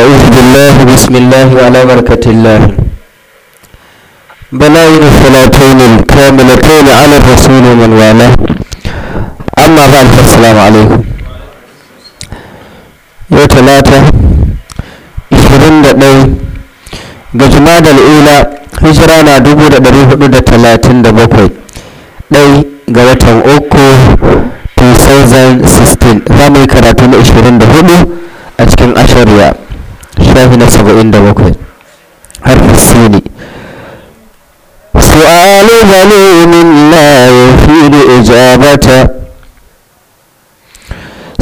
أعوذ بالله بسم الله وعلى بركة الله بلاين الثلاثين الكاملتين على الرسول من والاه أما بعد فالسلام عليكم يوم ثلاثة 21 ga الأولى هجرانا hijira na 437 ɗai ga watan قلتهم أوكو za mu ثاني karatu na 24 cikin ashariya shafi na 77 har fassini su'alu zalimin la yafi da ijabata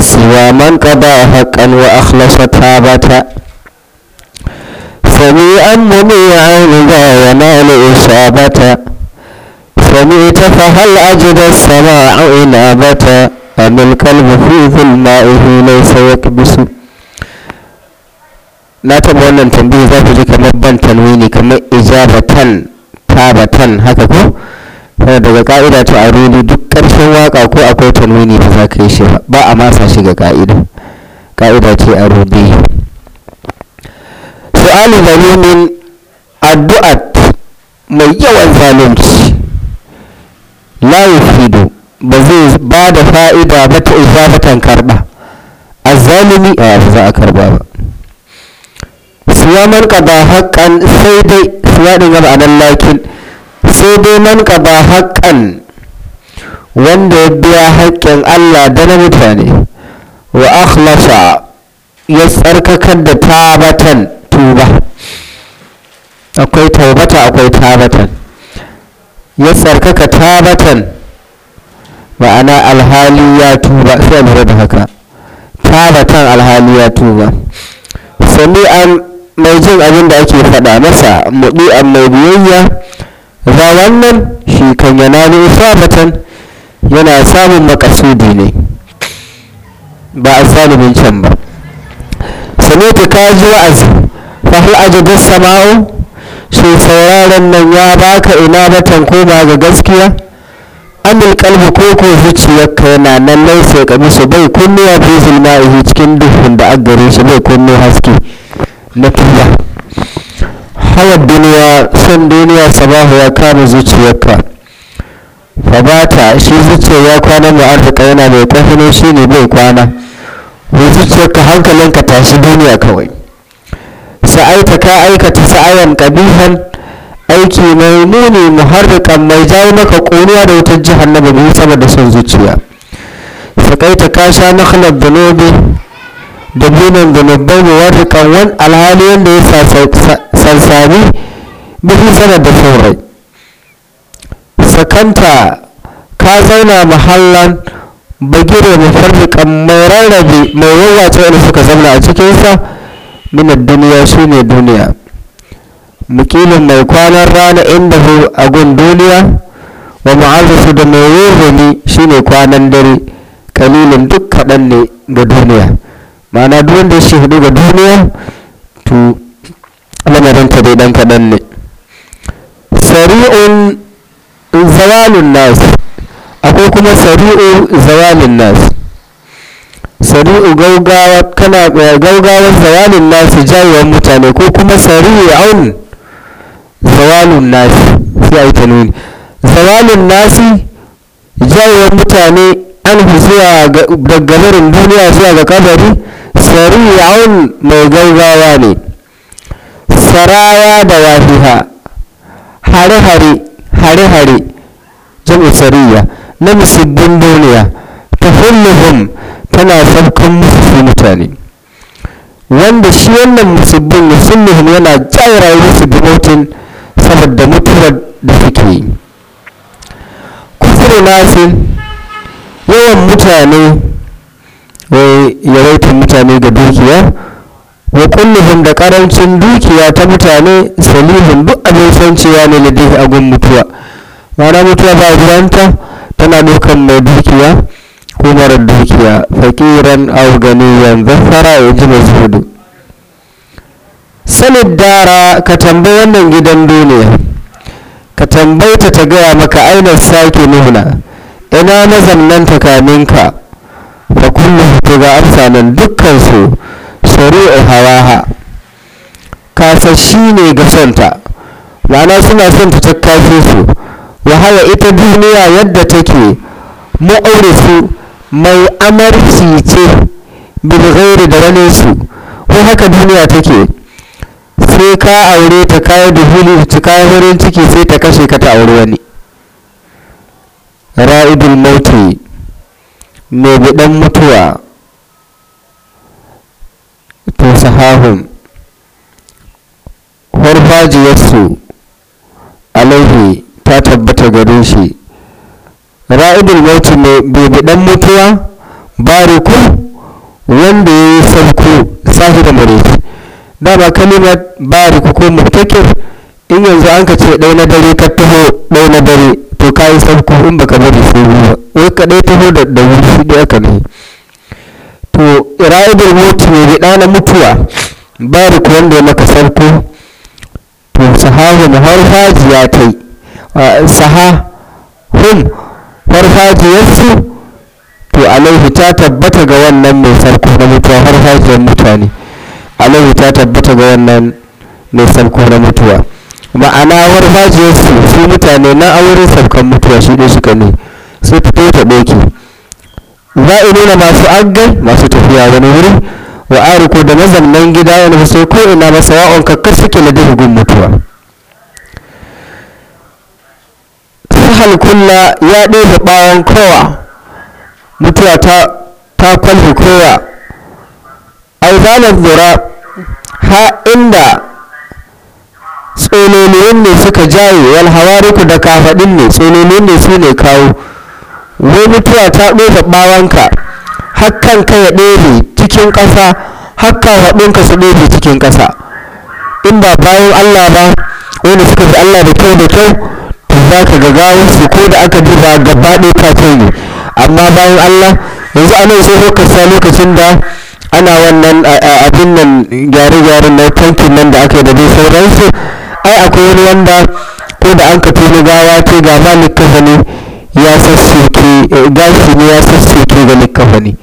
siwa man qada haqqan wa akhlasa tabata sami an mami an da ya nalu isabata sami ta fa hal ajda sama'a inabata amil kalbu fi dhulma'ihi laysa yakbisu na taɓa wannan tambayi za ku ji kamar ban tanwini kamar ijabatan tabatan haka ko daga ka'ida ta aruni duk ƙarshen waka ko akwai tanwini ba za ka yi shi ba a masa shi ga ka'ida ka'ida ce su su'alu zalimin addu'at mai yawan zalunci la yufidu ba zai ba da fa'ida ba ta ijabatan karba azzalimi a za a karba ba wa manka ba haƙƙan sai dai siyaɗin gaba a nan lakin sai dai manka ba haƙƙan wanda ya biya haƙƙin Allah da na mutane wa akhlasa ya tsarkakar da tabatan tuba akwai taubata akwai tabatan ya tsarkaka tabatan ma'ana alhali ya tuba sai lura da haka tabatan alhali ya tuba sami'an mai jin abin da ake faɗa masa a mai biyayya za wannan shi kan yana ne isabatan yana samun makasudi ne ba a zalimin can ba sanita ka ji wa'azi fahil ajabin sama'o shi sauraron nan ya baka ina batan koma ga gaskiya amil kalbi ko ko zuciyarka yana nan laisa ya kamisu bai kunnuwa fi zulma'ihi cikin duhun da aggare shi bai kunnu haske na fiya hawa duniya son duniya sabahu ya kama zuciyarka ta shi zuciya ya kwana mai arzika yana mai kwafino shi ne bai kwana mai zuciyarka hankalinka tashi duniya kawai ta ka aikata sa'ayan kabihan aiki mai muni muharrikan mai jawo maka kuniya da wutar jihar na babu sama da son zuciya sakaita ka sha makhlar da da binan da babban muwafiqan wan alhali wanda ya sansani bihin sanar da saurai sakanta ka zauna mahallan bagire mafarriƙan mai rarrabe mai wawace wani suka zauna a cikinsa minar duniya shi ne duniya mukilin mai kwanan rana inda hu a gun duniya wa ma'azufu da mai rurrumi shi ne kwanan dare kalilin duk kaɗan ne ga duniya ma'ana duk wanda ya ce hudu ga duniya to lamarin ta dai dan kaɗan ne sari'un zawalin nas akwai kuma sari'u zawalin nas sari'u gaugawa kana eh, gaugawa zawalin nas jayewar mutane ko kuma sari'un zawalin nas sai a yi ta nuni zawalin nasi jayewar mutane an zuwa daga garin duniya zuwa ga kabari sari'un mai gaugawa ne saraya da wahiha hare-hare hare-hare na musulmin duniya ta hulluhun tana saukan mutane wanda shi wannan sun musulmin yana jawo musu bimotin saboda mutuwar da suke yi kusurina sun yawan mutane wai mutane ga dukiya wa kullum da karancin dukiya ta mutane salihun duk abin sancewa ne ladihi a gun mutuwa ma'ana mutuwa ba ruwanta tana dukan mai dukiya ko marar dukiya fakiran aw ganiyan zafara ya ji mazudu sanin dara ka tambayi wannan gidan duniya ka tambayi ta gaya maka ainihin sake nuna ina mazannanta kaminka fa kullum ta ga amsa nan dukkan su saru'u hawaha kasashi ne ga sonta ma'ana suna son ta kaso su Wahala ita duniya yadda take mu'aurisu mai amarci ce bilgairi da wani su ko haka duniya take sai ka aure ta kayan duhuli ta kayan wurin ciki sai ta kashe ka ta aure wani ra'idul mauti mai bidan mutuwa ta sahahun farfajiyarsu alaihi ta tabbata gare shi ra'idul mauti mai bibidan mutuwa ku wanda ya yi sauko sahi da mareci dama kalimar ku ko mutakir in yanzu an ka ce ɗai na dare ka taho ɗai na dare to ka yi sabko in baka bari sai ba wai ka ɗai taho da da wuri shi ɗaya ka ne to ra'ibul moti ne bi na mutuwa bari ku wanda ya maka sabko to na harfaji ya ta yi harfaji ya su to alaihi ta tabbata ga wannan mai sabko na mutuwa harfajiyar mutane alaihi ta tabbata ga wannan mai sabko na mutuwa ma'ana warfajiyarsu su mutane na aure sabkan mutuwa shi ne suka ne sai fito ta ɗauke za a nuna masu agai masu tafiya wani wuri wa ariko da mazannan gida wani sai ko ina ba sawa'un kakkar suke na mutuwa sahal kulla ya ɗaya ɓawon kowa mutuwa ta ta kwalfi kowa ai zura ha inda tsololiyin ne suka jaye wal hawariku da kafaɗin ne tsololiyin ne su ne kawo wai mutuwa ta ɗofa ɓawanka Hakan ka ya ɗore cikin ƙasa hakka haɗinka su ɗore cikin ƙasa in ba bayan Allah ba wanda suka fi Allah da kyau da kyau to za ka ga gawun su ko da aka duba gaba ɗaya ta ne amma bayan Allah yanzu anan sai lokaci lokacin da ana wannan abin nan gyare-gyaren na tankin nan da aka yi da dai sauransu ai akwai wani wanda ko da an kafe na ya ce ga ma likafani ya sassoke eh, gashi ne ya sassoke ga likafani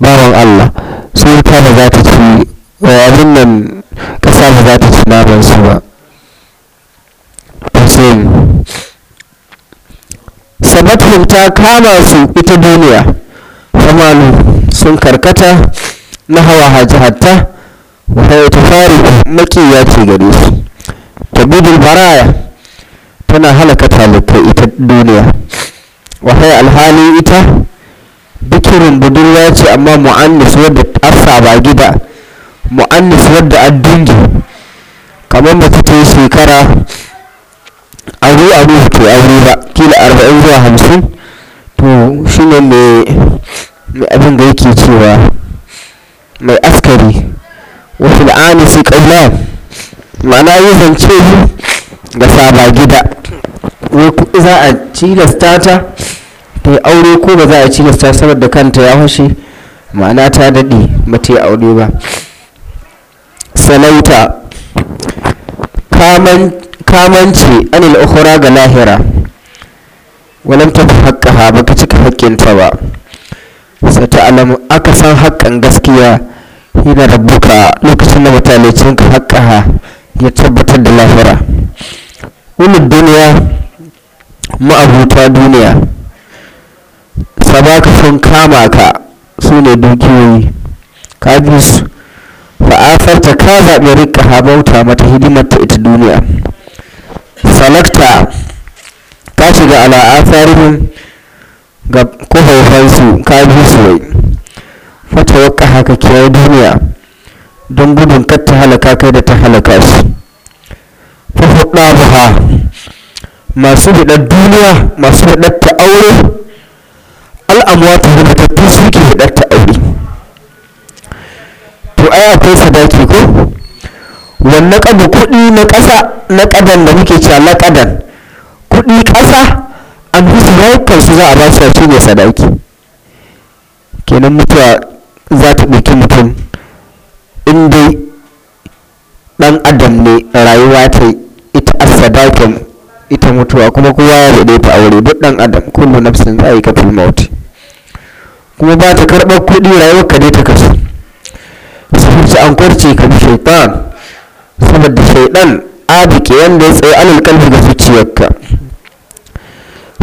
bawan Allah su ta ba za ta ci eh, abin nan kasa ba za ta ci naman su ba sabatun ta kama su ita duniya famalu sun karkata na hawa hajjata wa hayatu fari makiya ce gare su gudun baraya tana halaka talibai ita duniya wahai alhali ita bikirin budurwa ce amma mu'annis wadda afsa ba gida mu'annis wadda addingi kamar mace ta shekara aru aru to aure ba kila arba'in zuwa hamsin to shi ne mai abin da yake cewa mai askari wasu la'ani su ƙaunar ma'ana yi zance da saba gida za a cilasta ta ta yi aure ko ba za a cilasta saboda kanta ya hushe ma'ana ta daɗe ba ta yi aure ba salauta kamanci anil ukhra ga lahira walam ta haƙƙa ba ka cika haƙƙinta ba sa ta alamu aka san haƙƙan gaskiya hina rabbuka lokacin da mutane cinka haƙƙa ya tabbatar da lahira ulul duniya ma'abuta duniya sabaka sun kama ka su ne dukiyoyi ka bi su fa'afarta ka zaɓi rika habauta mata hidimar ta ita duniya salakta ka shiga ala'afarihin ga kuhaifansu ka bi su wai fata wakka haka kiyar duniya don gudun kar ta halaka kai da ta halaka su fa hudabuha masu hudar duniya masu hudar ta aure al'amwatu hudatattu suke hudar ta aure to ai akwai sadaki ko wannan kadu kuɗi na ƙasa na ƙadan da muke cewa na ƙadan kuɗi ƙasa an fi su su za a ba su ne sadaki kenan mutuwa za ta ɗauki mutum in dai ɗan adam ne rayuwa ta ita asadakin ita mutuwa kuma kowa ya zaɓe ta aure duk dan adam kullu nafsin za a yi mauti kuma ba ta karɓar kuɗi rayuwar ka dai ta kasu su an kwarce ka bi shaitan saboda shaitan abike wanda ya tsaye alal kalbi ga ka.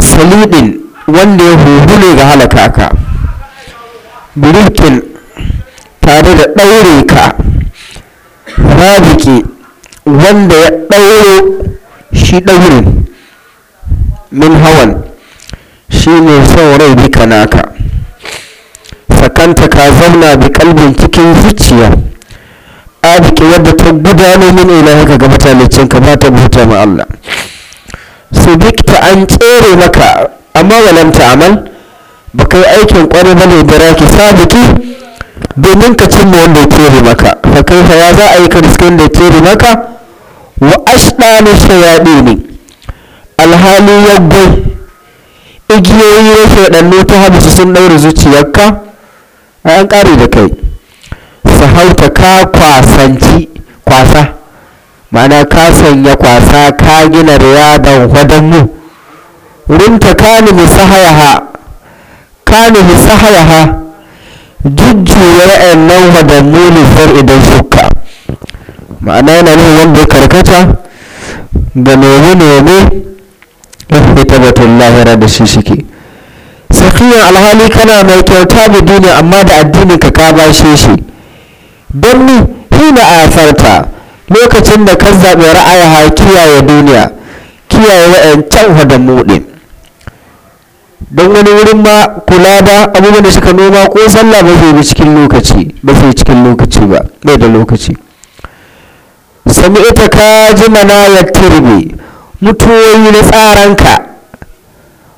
salidin wanda ya huhu ne ga halaka ka birikin tare da ɗaure ka wanda ya ɗauro shi ɗaurin min hawan shi ne son rai bika naka sakanta ka zauna bi kalbin cikin zuciya adiki wadda ta gudano min na haka ga ka ba ta buta ma Allah su bikta an tsere maka amma walanta amal ba kai aikin kwarai bane da raki sabiti domin ka cimma wanda ya kere maka fa kaifa ya za a yi ka da wanda ya kere maka wa ashdanu ne. alhali yagwai igiyoyi na dan ta habisu sun daure zuciyarka a an kare da kai sahauta ka kwasanci kwasa ma'ana ka sanya kwasa ka gina riyadan wadannu rinta ka nemi sahayaha ka sahayaha jujjuya nan wadannu far idan suka ma'ana yana nuna wanda ya karkata ga nemi nemi ya tabbatar lahira da shi shike sakiyar alhali kana mai kyauta da duniya amma da addinin ka ka bashe shi don ni hina asarta lokacin da ka zaɓi ra'ayi ha kiyaye duniya kiyaye can wadannu muɗin don wani wurin ma kula da abubuwan da suka noma ko sallah ba zai cikin lokaci ba zai cikin lokaci ba bai da lokaci sami ita ka ji mana ya tirbe mutuwoyi na tsaranka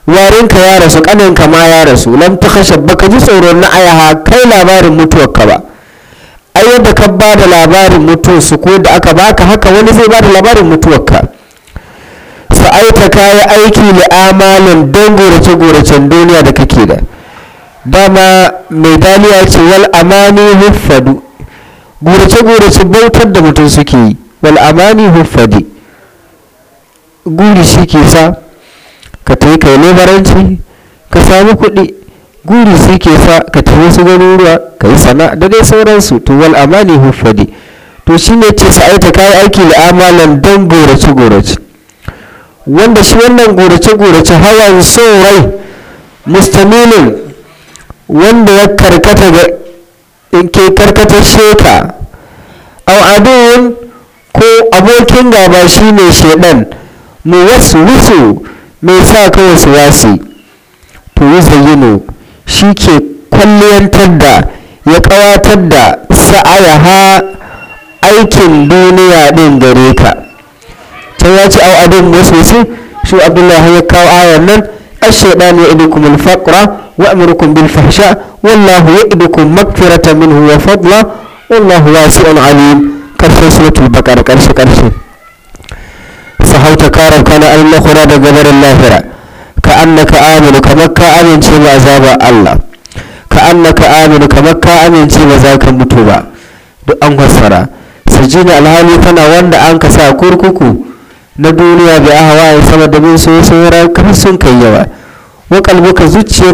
warinka ya rasu kaninka ma ya rasu lam ta kashe baka ji tsoron na ayaha kai labarin mutuwarka ba ai yadda ka ba da labarin mutuwarsu ko da aka baka haka wani zai ba da labarin mutuwarka aika ka aiki da amalin don gorace-goracen duniya da kake da dama mai daliya ce wal amani huffadu gorace-gorace bautar da mutum suke yi wal amani huffadi guri shi ke sa ka tafi kai lebaranci ka samu kuɗi guri shi ke sa ka tafi su ganin ruwa ka yi sana'a da dai sauransu to wal amani huffadi to ne ce sa'aita ka yi aiki da amalan don gorace-gorace wanda shi wannan gorace-gorace hawan son rai mustamilin wanda ya karkata ga ke karkatar sheka al'adun ko abokin gaba shi ne shaidan mu wasu wusu mai sa ka wasu wasi to shi ke kwalliyantar da ya kawatar da sa'ayaha aikin duniya ɗin gare ka sai ya ci au wasu wasu shi abdullahi ya kawo ayar nan الشيطان يعدكم الفقر وأمركم بالفحشاء والله يعدكم مغفرة منه وفضلا والله واسع عليم كرشن سورة البقرة كرش كرش amince كارب كان المخرى بقدر اللاهرة كأنك آمن كمكة آمن شيء عذاب الله كأنك آمن كمكة آمن شيء ذاك متوبة دو أنفسرا سجين الهالي wanda an أنك ساكوركوكو na duniya bi ahwa'i sama da bin so sauran kar sun kai yawa wa kalbuka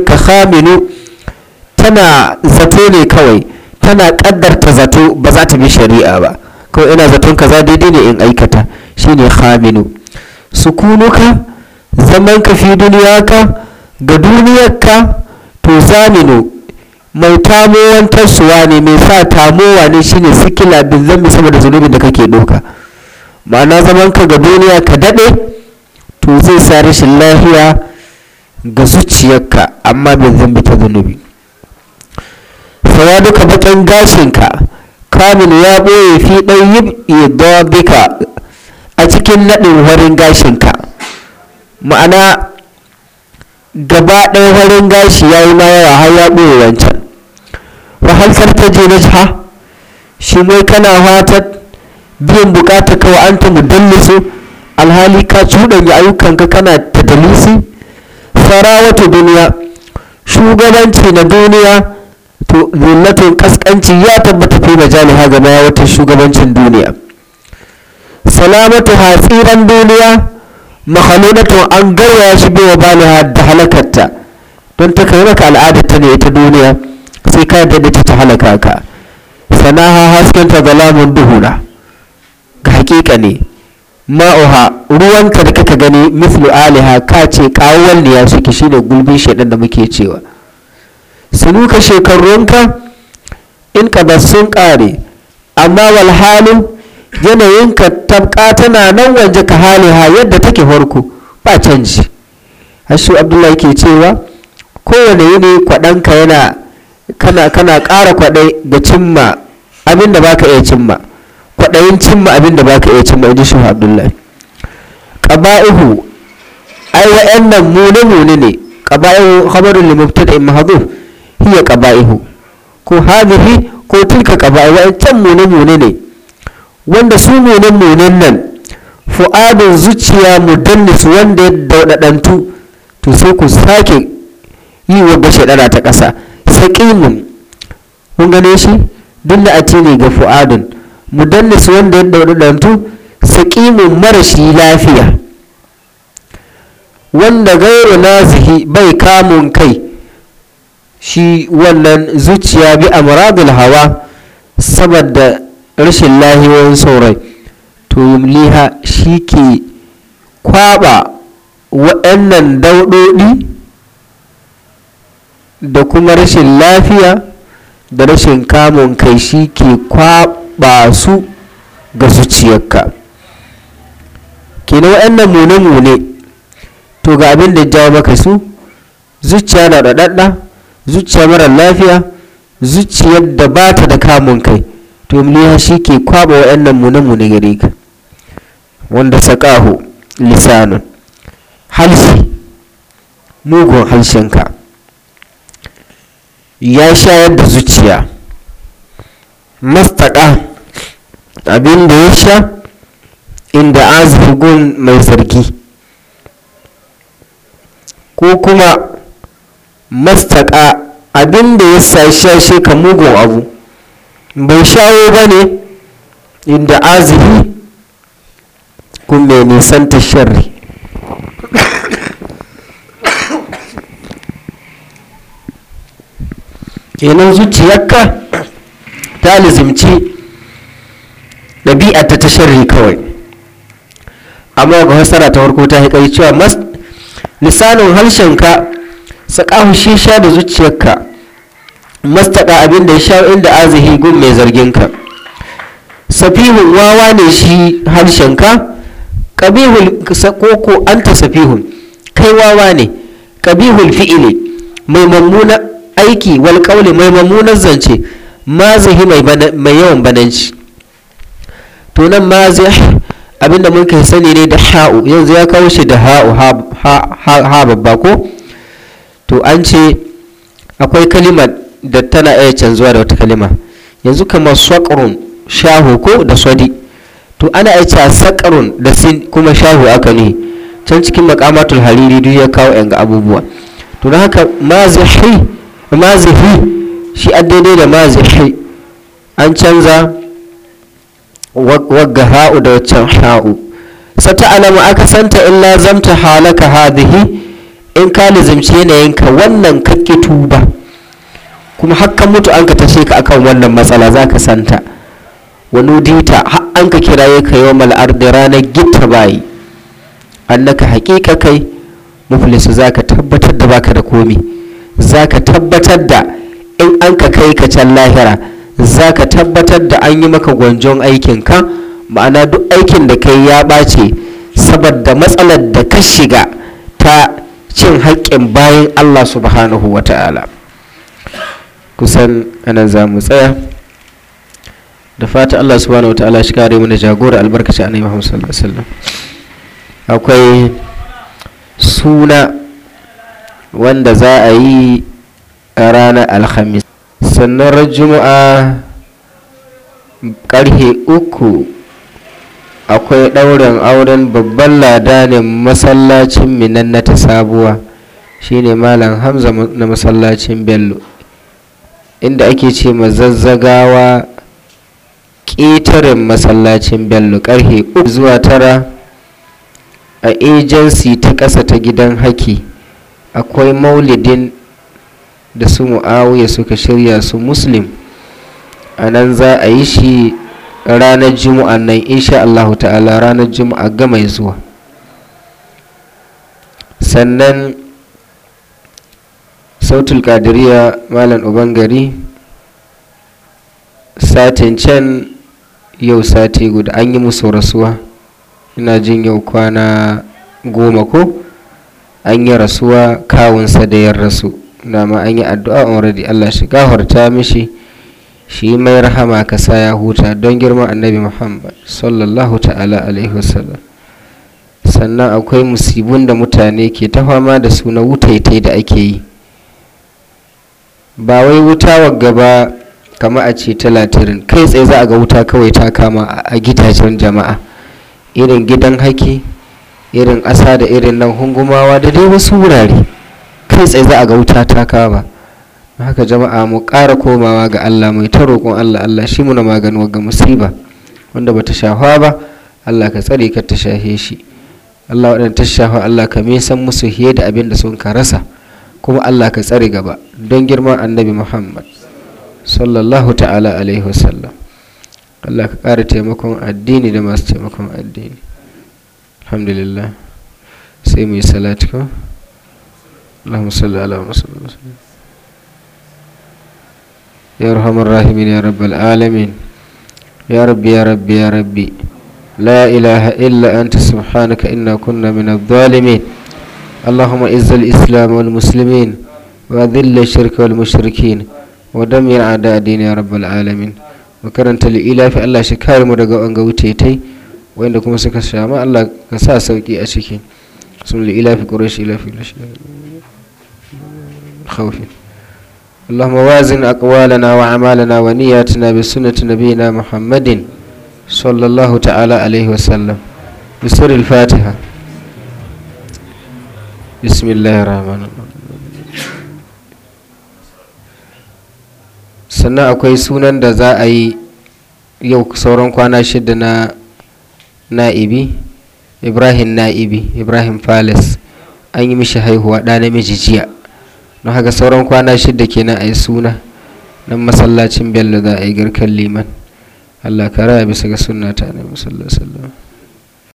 ka khaminu tana zato ne kawai tana ta zato ba za ta bi shari'a ba kawai ina zaton ka kaza daidai ne in aikata shine khaminu sukunuka zaman ka fi duniya ka ga duniyar ka to zaminu mai tamowan tasuwa ne mai sa tamowa ne shine sikila bin zambi saboda zunubin da kake doka ma'ana zaman ka ga duniya ka daɗe to zai sa rashin lafiya ga zuciyarka amma bai zambi ta zunubi fara duka baƙin gashinka kamun ya ɓoye fi ɗan yi duka a cikin naɗin warin gashinka ma'ana gaba ɗaya warin gashi ya yi mayawa har ya ɓoye wancan wahalsar ta je na shi mai kana fatar biyan bukata ka wa anta mudallisu alhali ka cuɗanya ayyukanka kana ta fara wata duniya shugabanci na duniya to zillatin kaskanci ya tabbata fi gaba ga wata shugabancin duniya salamatu hatsiran duniya makhaludatun an garwaya shi wa baliha da halakarta don ta kai maka al'adarta ne ita duniya sai ka da ta halaka ka sanaha haskenta zalamun na. hakika ne ma'uha ruwanka da kaka gani mislu aliha ka ce kawon ne ya suke shine gulbin shaidan da muke cewa ka shekarunka in ka sun kare amma wal yanayin ka tabka tana nan waje ka haliha yadda take farko ba canji hasu abdullahi ke cewa kowane yini kwadanka yana kana kana ƙara kwaɗai ga cimma abin baka iya cimma kwaɗayin cimma abin da baka iya cimma inji shi abdullahi qaba'ihu ai wa'annan mune mune ne qaba'ihu khabarun li mubtada'in mahdhuf hiya qaba'ihu ko hadhihi ko tilka qaba'i wa'annan mune mune ne wanda su mune munen nan fu'adun zuciya mudannis wanda ya daudadantu to sai ku sake yi wa gashe dara ta ƙasa saqimun mun gane shi duk da a ne ga fu'adun mudallis wanda ya daudantu saƙimin marashi lafiya wanda gairu nazihi bai kamun kai shi wannan zuciya bi amradul hawa saboda rashin lahiyar saurai to yumliha shi ke kwaba waɗannan daudodi da kuma rashin lafiya da rashin kamun kai shi ke kwaba ba su ga zuciyarka kenan waɗannan mune-mune to ga abin da jawo maka su zuciya na ɗaɗaɗɗa zuciya mara lafiya zuciyar da ba ta da kamun kai to ya shi ke kwaɓa waɗannan mune-mune gare ka wanda sakahu lisanun halsi mugun halshenka ya shayar da zuciya mastaƙa abin da ya sha inda azurgun mai sarki ko kuma mastaka abin da ya sha shi ka mugun abu bai shawo ba ne inda azumi kun mai nisan ta sharri kenan zuciyarka ta lizimci ɗabi'a ta ta sharri kawai amma ga fassara ta farko ta haƙari cewa mas lisanin harshenka saƙahu shi sha da zuciyarka mastaƙa abin da ya sha inda azihi gun mai zarginka safihun wawa ne shi harshenka ƙabihul koko ta safihun kai wawa ne ƙabihul fi'ili mai mammunan aiki wal mai mammunan zance mazihi mai yawan bananci to nan zai abinda mun kai sani ne da ha'u yanzu ya kawo shi da ha'u ha babba ko to an ce akwai kalima da tana iya canzuwa da wata kalima yanzu kamar saƙarun shahu ko da sadi to ana iya cewa saƙarun da sin kuma shahu aka ne can cikin makamatul hariri duk ya kawo yan abubuwa to don haka mazihi mazihi shi daidai da mazihi an canza wagga ha'u da waccan ha'u sata alama aka santa in lazamta halaka hadhihi in ka yanayin ka wannan kake tuba kuma hakkan mutu an ka tashe ka akan wannan matsala za ka santa wani dita har an ka kiraye ka yau mal'ar da ranar gitta bayi annaka haƙiƙa kai muflisu za ka tabbatar da baka da komi za ka tabbatar da in an ka kai ka can lahira za ka tabbatar da an yi maka gwanjon aikinka ma'ana duk aikin da kai ya ɓace saboda matsalar da ka shiga ta cin haƙƙin bayan allah subhanahu wa ta'ala kusan anan za mu tsaya da fata allah subhanahu wa ta'ala shi kare mu da jagora albarkaci a muhammad sallallahu akwai suna wanda za a yi ranar alhamis sannan juma'a karhe uku akwai ɗaurin auren babban ladanin masallacin minan na ta sabuwa shine malam hamza na masallacin bello inda ake ce ma zazzagawa ƙetaren masallacin bello karhe uku zuwa tara a ejensi ta ƙasa ta gidan haki akwai maulidin da su mu'awiya suka shirya su muslim a nan za a yi shi ranar juma'a nan insha Allah ta'ala ranar juma'a ga mai zuwa sannan sautul kadiriya malam ubangari satin can yau sati guda an yi musu rasuwa ina jin yau kwana goma ko an yi rasuwa kawunsa da ya rasu dama an yi addu'a already Allah shi gafarta mishi shi mai rahama ka sa ya huta don girma annabi Muhammad sallallahu ta'ala alaihi wasallam sannan akwai musibun da mutane ke ta fama da su na wutaitai da ake yi ba wai wuta wagga ba kama a ce talatirin kai tsaye za a ga wuta kawai ta kama a gidajen jama'a irin gidan haki irin ƙasa da irin nan hungumawa da dai wasu wurare kai tsaye za a ga wuta ta kama haka jama'a mu kara komawa ga Allah mai ta roƙon Allah Allah shi muna magani ga musiba wanda bata shafa ba Allah ka tsare ka ta shafe shi Allah waɗanda ta shafa Allah ka me san musu hiye da abin da sun ka rasa kuma Allah ka tsare gaba don girma annabi Muhammad sallallahu ta'ala alaihi wasallam Allah ka ƙara taimakon addini da masu taimakon addini alhamdulillah sai mu yi salatu اللهم صل على محمد يا ارحم الراحمين يا رب العالمين يا ربي يا ربي يا ربي لا إله إلا أنت سبحانك إنا كنا من الظالمين اللهم إز الإسلام والمسلمين وأذل الشرك والمشركين ودمر أعداء الدين يا رب العالمين وكرنت في الله شكار مدقى أنقى وتيتي وإنكم سكسر ما الله كسا سوكي أشكي سم في قريش في الله خوف اللهم وازن أقوالنا وأعمالنا ونياتنا بسنة نبينا محمد صلى الله تعالى عليه وسلم akwai sunan da za a yi yau sauran kwana shida na na'ibi ibrahim na'ibi ibrahim palace an yi mishi haihuwa ɗa namiji jiya don haka sauran kwana shida kenan a yi suna na masallacin bello za a yi garkar liman allah ka raya bisa ga sunna ta ne masallacin